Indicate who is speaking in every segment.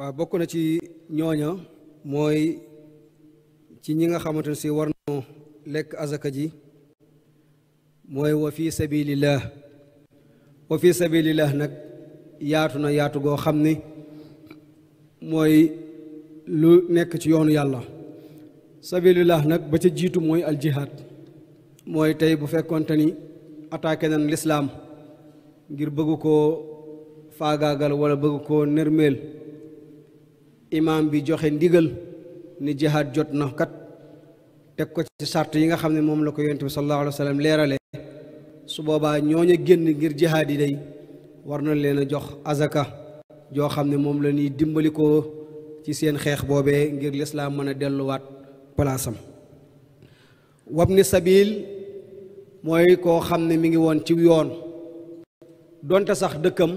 Speaker 1: waa bokk na ci ñooña mooy ci ñi nga xamante ne si war nañoo lekk azaka ji mooy wa fi sabilillah wa fi sabilillah nag yaatu na yaatu goo xam ni mooy lu nekk ci yoonu yàlla sabilillah nag ba ca jiitu mooy al jihad mooy tey bu fekkonte ni attaqué nañ lislaam ngir bëgg koo faagaagal wala bëgg koo nërmeel imaam bi joxe ndigal ni jihaad jot na kat teg ko ci sart yi nga xam ne moom la ko yonent bi sallallahu alayhi leerale su boobaa ñooñu génn ngir jihaad yi day war na leen a jox azaka joo xam ne moom la ñuy dimbali ko ci seen xeex boobee ngir lislaam mën a delluwaat palaasam wabni sabil mooy koo xam ne mi ngi woon ci yoon donte sax dëkkam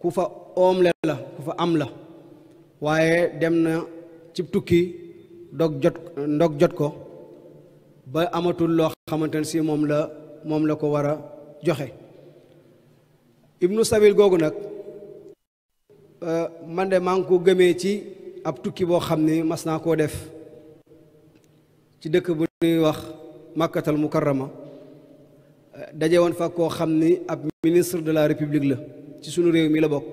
Speaker 1: ku fa oomle la ku fa am la waaye dem na ci tukki dog jot ndog jot ko ba amatul loo xamante ne si moom la moom la ko war a joxe ibnu sabil googu nag euh, man de maa ngi ko gëmee ci ab tukki boo xam ni mas naa koo def ci dëkk bu ñuy wax màkkatal mukarrama daje woon fa koo xam ni ab ministre de la république la ci sunu réew mi la bokk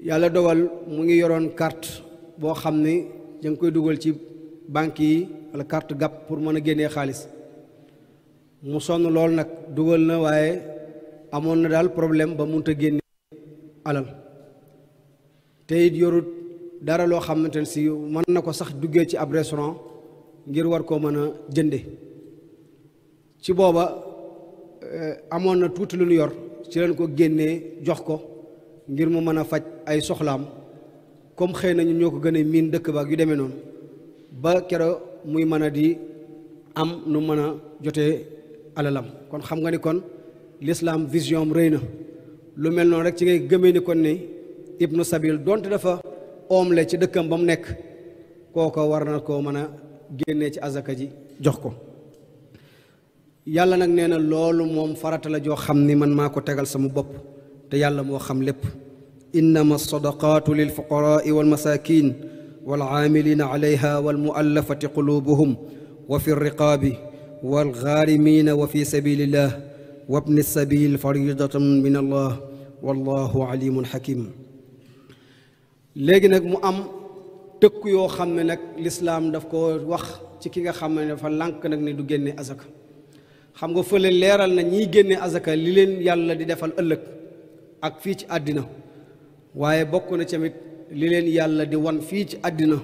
Speaker 1: yàlla dogal mu ngi yoroon carte boo xam ni da nga koy dugal ci banque yi wala carte gàpp pour mën a génnee xaalis mu sonn lool nag dugal na waaye amoon na daal problème ba munta génne alal te it yorut dara loo xamante ne si mën na ko sax duggee ci ab restaurant ngir war koo mën a jënde ci booba eh, amoon na tuuti lu ñu yor ci leen ko génnee jox ko ngir mu mën a faj ay soxlaam comme xëy nañu ñoo ko gën a miin dëkk baa yu demee noonu ba kero muy mën a di am nu mën a jotee alalam kon xam nga ni kon lislaam vision am rëy na lu mel noonu rek ci ngay gëmee ni kon ni ibnu sabil donte dafa omle ci dëkkam ba mu nekk kooko war na koo mën a génnee ci azaka ji jox ko yàlla nag nee na loolu moom farata joo xam ni man maa ko tegal sama bopp te yàlla moo xam lépp إنما الصدقات للفقراء والمساكين والعاملين عليها والمؤلفة قلوبهم وفي الرقاب والغارمين وفي سبيل الله وابن السبيل فريضة من الله والله عليم حكيم léegi nag mu am tëkk yoo xam ne nag lislaam daf ko wax ci ki nga xam ne dafa lànk nag ne du génne azaka xam nga fa leeral na ñiy génne azaka li leen yàlla di defal ëllëg ak fii ci àddina waaye bokk na tamit li leen yàlla di wan fii ci àddina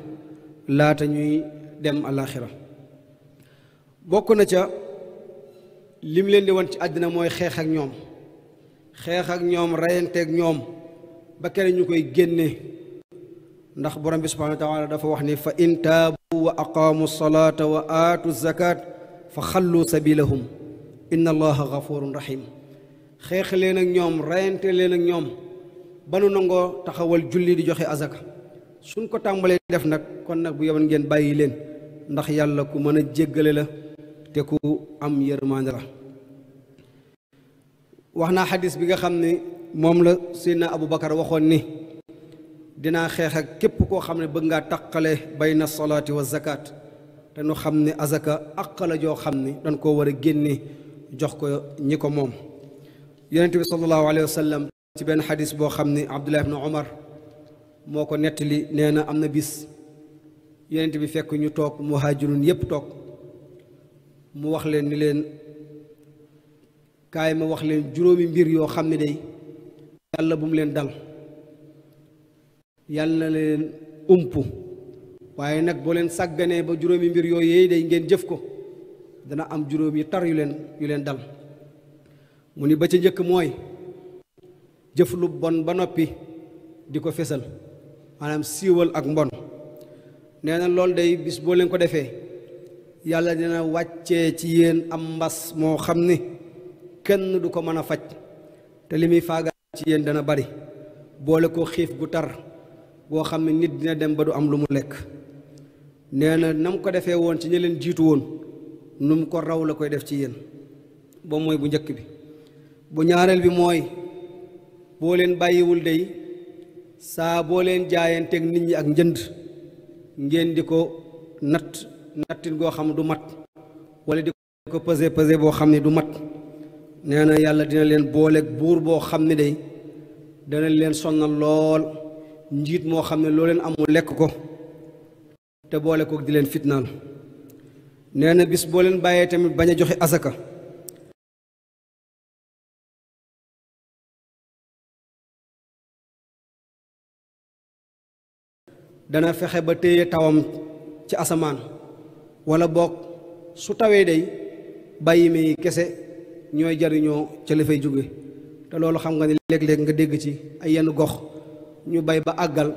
Speaker 1: laata ñuy dem alaxira bokk na ca lim leen di wan ci àddina mooy xeex ak ñoom xeex ak ñoom ak ñoom ba keneen ñu koy génne ndax borom bi subhanahu wa dafa wax ni fa in taabu wa aqaamu salaata wa aatu zakat fa xallu sabilahum inna allaha gafurun rahim xeex leen ak ñoom reyante leen ak ñoom ba nu nangoo taxawal julli di joxe azaka suñ ko tàmbalee def nag kon nag bu yowoon ngeen bàyyi leen ndax yàlla ku mën a jéggale la te ku am yërmande la wax naa xadis bi nga xam ne moom la Seydina Abu Bakar waxoon ni dinaa xeex ak képp koo xam ne bëgg ngaa taqale bayna salaati wa zakat te nu xam ne azaka aqala joo xam ne dañ koo war a génne jox ko ñi ko moom yonente bi sallallahu alayhi wa ci benn xadis boo xam ni abdullah na omar moo ko nettali nee na am na bis yonent bi fekk ñu toog mu waxaa muhaajirun yépp toog mu wax leen ni leen kaay ma wax leen juróomi mbir yoo xam ne day yàlla bu mu leen dal yàlla na leen ump waaye nag boo leen sàgganee ba juróomi mbir yoo yéey day ngeen jëf ko dana am juróom yi tar leen yu leen dal mu ni ba ca njëkk mooy jëf lu bon ba noppi di ko fesal maanaam siiwal ak mbon nee na loolu day bis boo leen ko defee yàlla dina wàccee ci yéen am mbas moo xam ni kenn du ko mën a faj te li muy faaga ci yéen dana bari boole ko xiif gu tar boo xam ne nit dina dem ba du am lu mu lekk nee na na ko defee woon ci ñi leen jiitu woon nu mu ko raw la koy def ci yéen boobu mooy bu njëkk bi bu ñaareel bi mooy boo leen bàyyiwul dey saa boo leen jaayanteeg nit ñi ak njënd ngeen di ko natt nattin goo xam du mat wala di ko pesé pase boo xam ne du mat nee na yàlla dina leen booleeg buur boo xam ne day dana leen sonnal lool njiit moo xam ne loo leen amul lekk ko te boole ko di leen fitnaan nee na bis boo leen bàyyee tamit bañ a joxe asaka dana fexe ba téye tawam ci asamaan wala boog su tawee day bàyyi may kese ñooy jariñoo ca lafay jóge te loolu xam nga ne léeg-léeg nga dégg ci ay yenn gox ñu bay ba àggal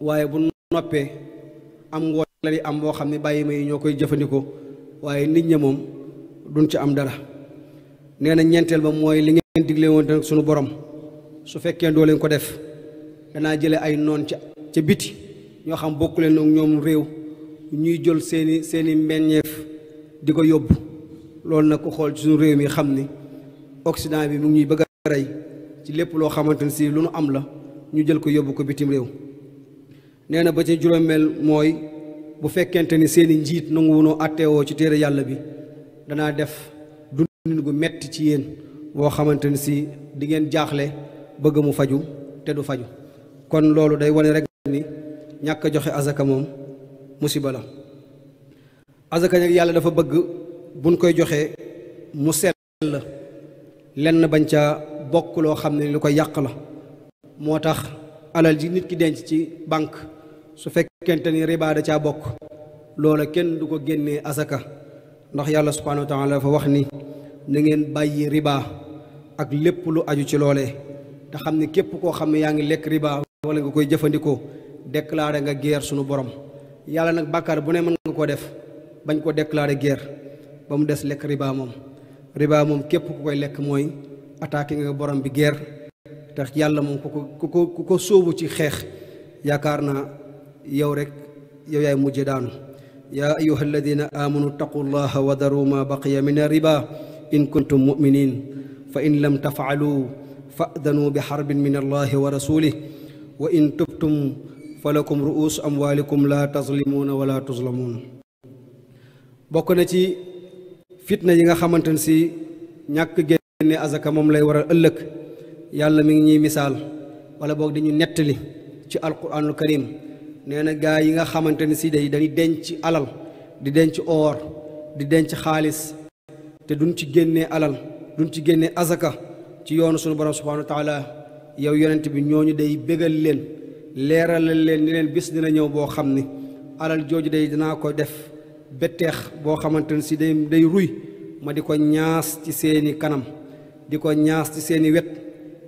Speaker 1: waaye bu noppee am ngoo la di am boo xam ne bàyyi ma yi ñoo koy jëfandikoo waaye nit ñi moom duñ ci am dara nee na ñeenteel ba mooy li ngeen digle woon sunu borom su fekkee doo leen ko def danaa jële ay noon ca ca biti ñoo xam bokku leen ak ñoom réew ñuy jël seeni seeni meññeef di ko yóbbu loolu nag ku xool ci suñu réew mi xam ni Occident bi mu ñuy bëgg a rey ci lépp loo xamante ne si lu nu am la ñu jël ko yóbbu ko bitim réew nee na ba ci juróomeel mooy bu fekkente ni seeni njiit nangu wunoo àtteewoo ci téere yàlla bi danaa def dundin gu metti ci yéen boo xamante ni si dingeen jaaxle bëgg mu faju te du faju kon loolu day wane rek ñàkk joxe azaka moom musiba la azaka nag yàlla dafa bëgg buñ koy joxee mu sell la lenn bañ ca bokk loo xam ne lu koy yàq la moo tax alal ji nit ki denc ci banque su fekkente ni riba da caa bokk loola kenn du ko génnee azaka ndax yàlla subhanahu wa taala dafa wax ni na ngeen bàyyi riba ak lépp lu aju ci loolee te xam ne képp koo xam ne yaa ngi lekk riba wala nga koy jëfandikoo déclaré nga guerre sunu borom yàlla nag bàkkaar bu ne mën nga koo def bañ koo déclaré guerre ba mu des lekk riba moom riba moom képp ku koy lekk mooy attaqué nga borom bi guerre te yàlla moom ku ko ku ko ko ci xeex yaakaar na yow rek yow yaay mujje daanu yaa ayuha alladina amanu taqu llaha wa daru ma baqiya min riba in kuntum muminin fa in lam tafaalu fa'danu bi xarbin min allahi wa rasulih wa in tubtum falakum ru'uus amwaalikum laa tazlimuuna wala tuzlamuun bokk na ci fitna yi nga xamante ne si ñàkk génne azaka moom lay waral ëllëg yàlla mi ngi ñuy misaal wala boog di ñu nettali ci alquraanul karim nee na gaa yi nga xamante ne si day dañuy denc alal di denc oor di denc xaalis te duñ ci génnee alal duñ ci génne azaka ci yoonu sunu borom subhaanahu wa yow yonent bi ñooñu day bégal leen leeralal leen ni leen bis dina ñëw boo xam ni alal jooju day dinaa ko def beteex boo xamante ne si day day ruy ma di ko ñaas ci seeni kanam di ko ñaas ci seeni wet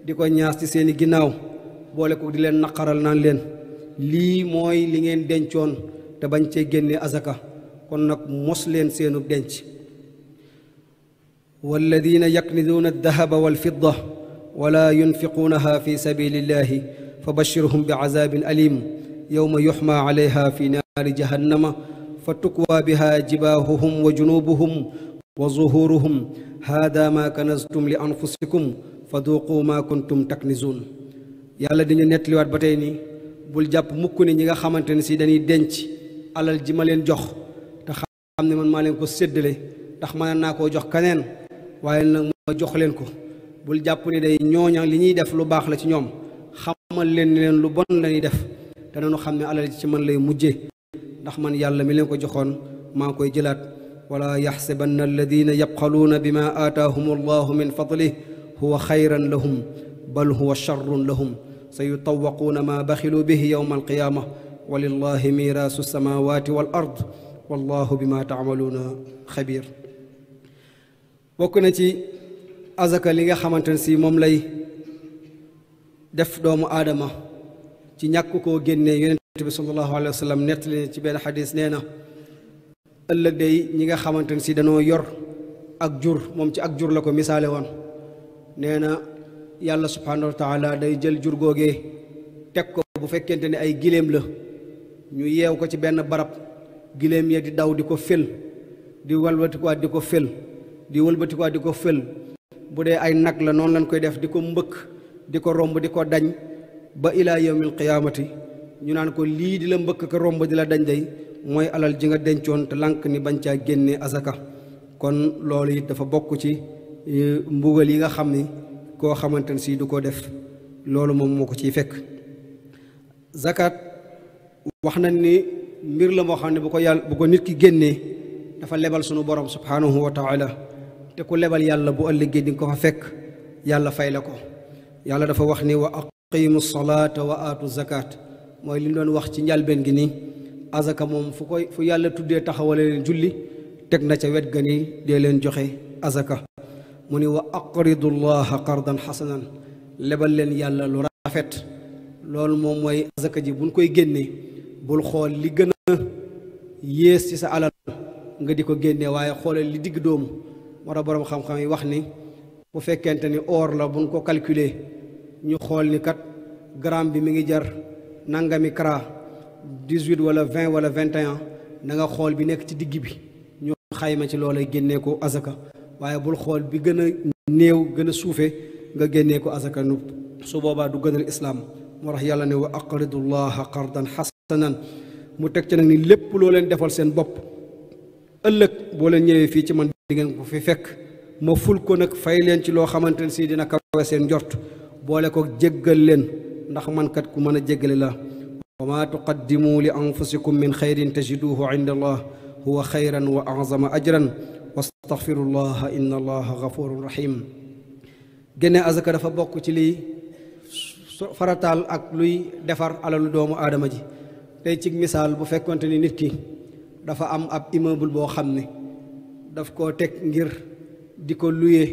Speaker 1: di ko ñaas ci seeni ginnaaw boole ko di leen naqaral naan leen lii mooy li ngeen dencoon te bañ cee génne azaka kon nag mos leen seenu denc walla walladina yakniduuna aldahaba walfidda wala yunfiquunaha fi sabilillahi fa bashirhum bi azabin alim yowma yuxma alayha fi naari jahannama fa ma kanaztum li anfusikum fa duqu ma kuntum nettaliwaat ba tey ni bul jàpp mukk ni ñi nga xamante ne sii dañuy denc alal ji ma leen jox te xam ne man maa leen ko séddale ndax ma naa koo jox keneen waaye nag ma jox leen ko bul jàpp ni day ñooña li ñuy def lu baax la ci ñoom xamal leen ni leen lu bon la ñuy def te nañu xam ne alal ji ci man lay mujjee ndax man yàlla mi leen ko joxoon maa ngi koy jëlaat wala yaxsabanna alladina yabxaluuna bima aataahum allahu min fadlih huwa xayran lahum bal huwa charrun lahum sa yutawaquuna maa baxilu bih yowma alqiyaama walillahi miraasu samaawaati wal ard wallahu bima taamaluuna xabiir bokk na ci azaka li nga xamante ne si moom lay def doomu aadama ci ñàkk ko génnee yonent bi sallallahu alayhi wa sallam ci benn xadis nee na ëllëg day ñi nga xamante si danoo yor ak jur moom ci ak jur la ko misaale woon nee na yàlla subhanahu wa taala day jël jur googee teg ko bu fekkente ni ay giléem la ñu yeew ko ci benn barab giléem ya di daw di ko fël di walbatikuwaat di ko fël di walbatikuwaat di ko fël bu dee ay nag la noonu lañ koy def di ko mbëkk di ko romb di ko dañ ba ilaa yawmil qiyaamati ñu naan ko lii di la mbëkk ka romb di la dañ day mooy alal ji nga dencoon te lànk ni bañ caa génnee asaka kon loolu it dafa bokk ci e, mbugal yi nga xam ni koo xamante ne si du ko def loolu moom moo ko ciy fekk zakat wax na ni mbir la moo xam ne bu ko yàlla bu ko nit ki génnee dafa lebal sunu borom subhanahu wa taala te ku lebal yàlla bu ëllëgee di ko fa fekk yàlla fay la ko yàlla dafa wax ni wa aqimu salaata wa aatu zakat mooy li mu doon wax ci njalbeen gi nii azaka moom fu koy fu yàlla tuddee taxawale leen julli teg na ca wet ga nii dee leen joxe azaka mu ni wa aqridu llaha qardan xasanan lebal leen yàlla lu rafet loolu moom mooy azaka ji buñ koy génnee bul xool li gën a yées ci sa alal nga di ko génnee waaye xoolal li digg doomu war a boroom xam-xam yi wax ni bu fekkente ni or la buñ ko calculer ñu xool ni kat gramme bi mi ngi jar nangami kara dix-huit wala vingt wala vingt et un nga xool bi nekk ci digg bi ñu xayma ci loolay génnee ko azaka waaye bul xool bi gën a néew gën a suufe nga génnee ko azaka nu su boobaa du gënal islaam moo tax yàlla ne wa aqridu llaha qardan xasanan mu teg ci nag ni lépp loo leen defal seen bopp ëllëg boo leen ñëwee fii ci man di ngeen ko fi fekk ma ful ko nag fay leen ci loo xamante ne si dina kawe seen njort boole ko jéggal leen ndax man kat ku mën a jéggale la wa ma tuqaddimu li anfusikum min xayrin tajiduhu inda allah huwa xayran wa azama ajran wastaxfirullah inna allaha gafurun rahim génne azaka dafa bokk ci liy farataal ak luy defar alalu doomu aadama ji tey ci misaal bu fekkonte ni nit ki dafa am ab immeuble boo xam ne daf koo teg ngir di ko luye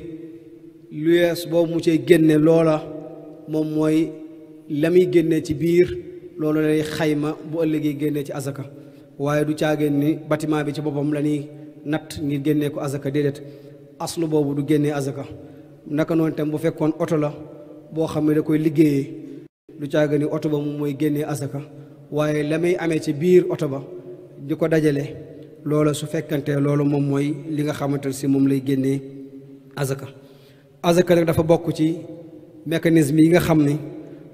Speaker 1: luyees boobu mu génne loola moom mooy la muy génne ci biir loolu lay xayma bu ëllëgee génne ci azaka waaye du caagéen ni bâtiment bi ci boppam la ñuy natt ngir génnee ko azaka déedéet aslu boobu du génnee azaka naka noonu tam bu fekkoon oto la boo xam ne da koy liggéeyee du caaga ni oto ba moom mooy génnee azaka waaye la muy amee ci biir oto ba di ko dajale loola su fekkante loolu moom mooy li nga xamante ne si moom lay génnee azaka azaka dafa bokk ci mécanisme yi nga xam ni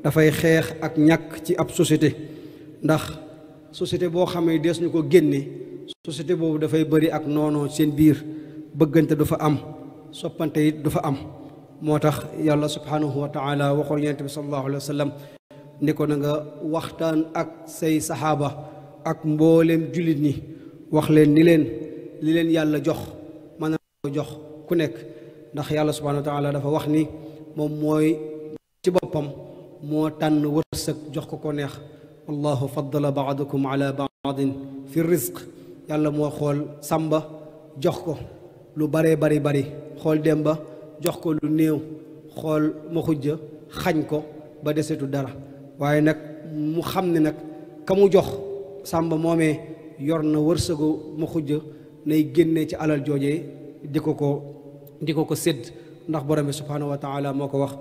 Speaker 1: dafay xeex ak ñàkk ci ab société ndax société boo xam ne dees ñu ko génne société boobu dafay bëri ak noonoo seen biir bëggante du fa am soppante it du fa am moo tax yàlla subhanahu wa taala waxoon yonent bi sallallahu alayhi wa sallam ni ko na nga waxtaan ak say saxaaba ak mboolem jullit ñi wax leen ni leen li leen yàlla jox mën na ko jox ku nekk ndax yàlla subhanahu wa taala dafa wax ni moom mooy ci boppam moo tànn wërsëg jox ko ko neex wallahu faddala baadakum ala baadin fi rizq yàlla moo xool sàmba jox ko lu baree bari bari xool demba jox ko lu néew xool ma xujja xañ ko ba desetu dara waaye nag mu xam ne nag ka mu jox sàmba moomee yor na wërsëgu mu xujj nay génne ci alal jooje di ko ko di ko ko sédd ndax borom bi subhaanahu wa taala moo ko wax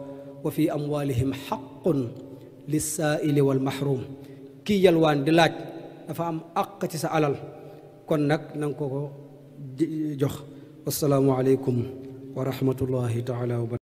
Speaker 1: wa fi amwalihim xaqun lissaaili wal mahrum kii yalwaan di laaj dafa am aq ci sa alal kon nag na ko ko jox wasalaamu aleykum wa rahmatullahi taala wa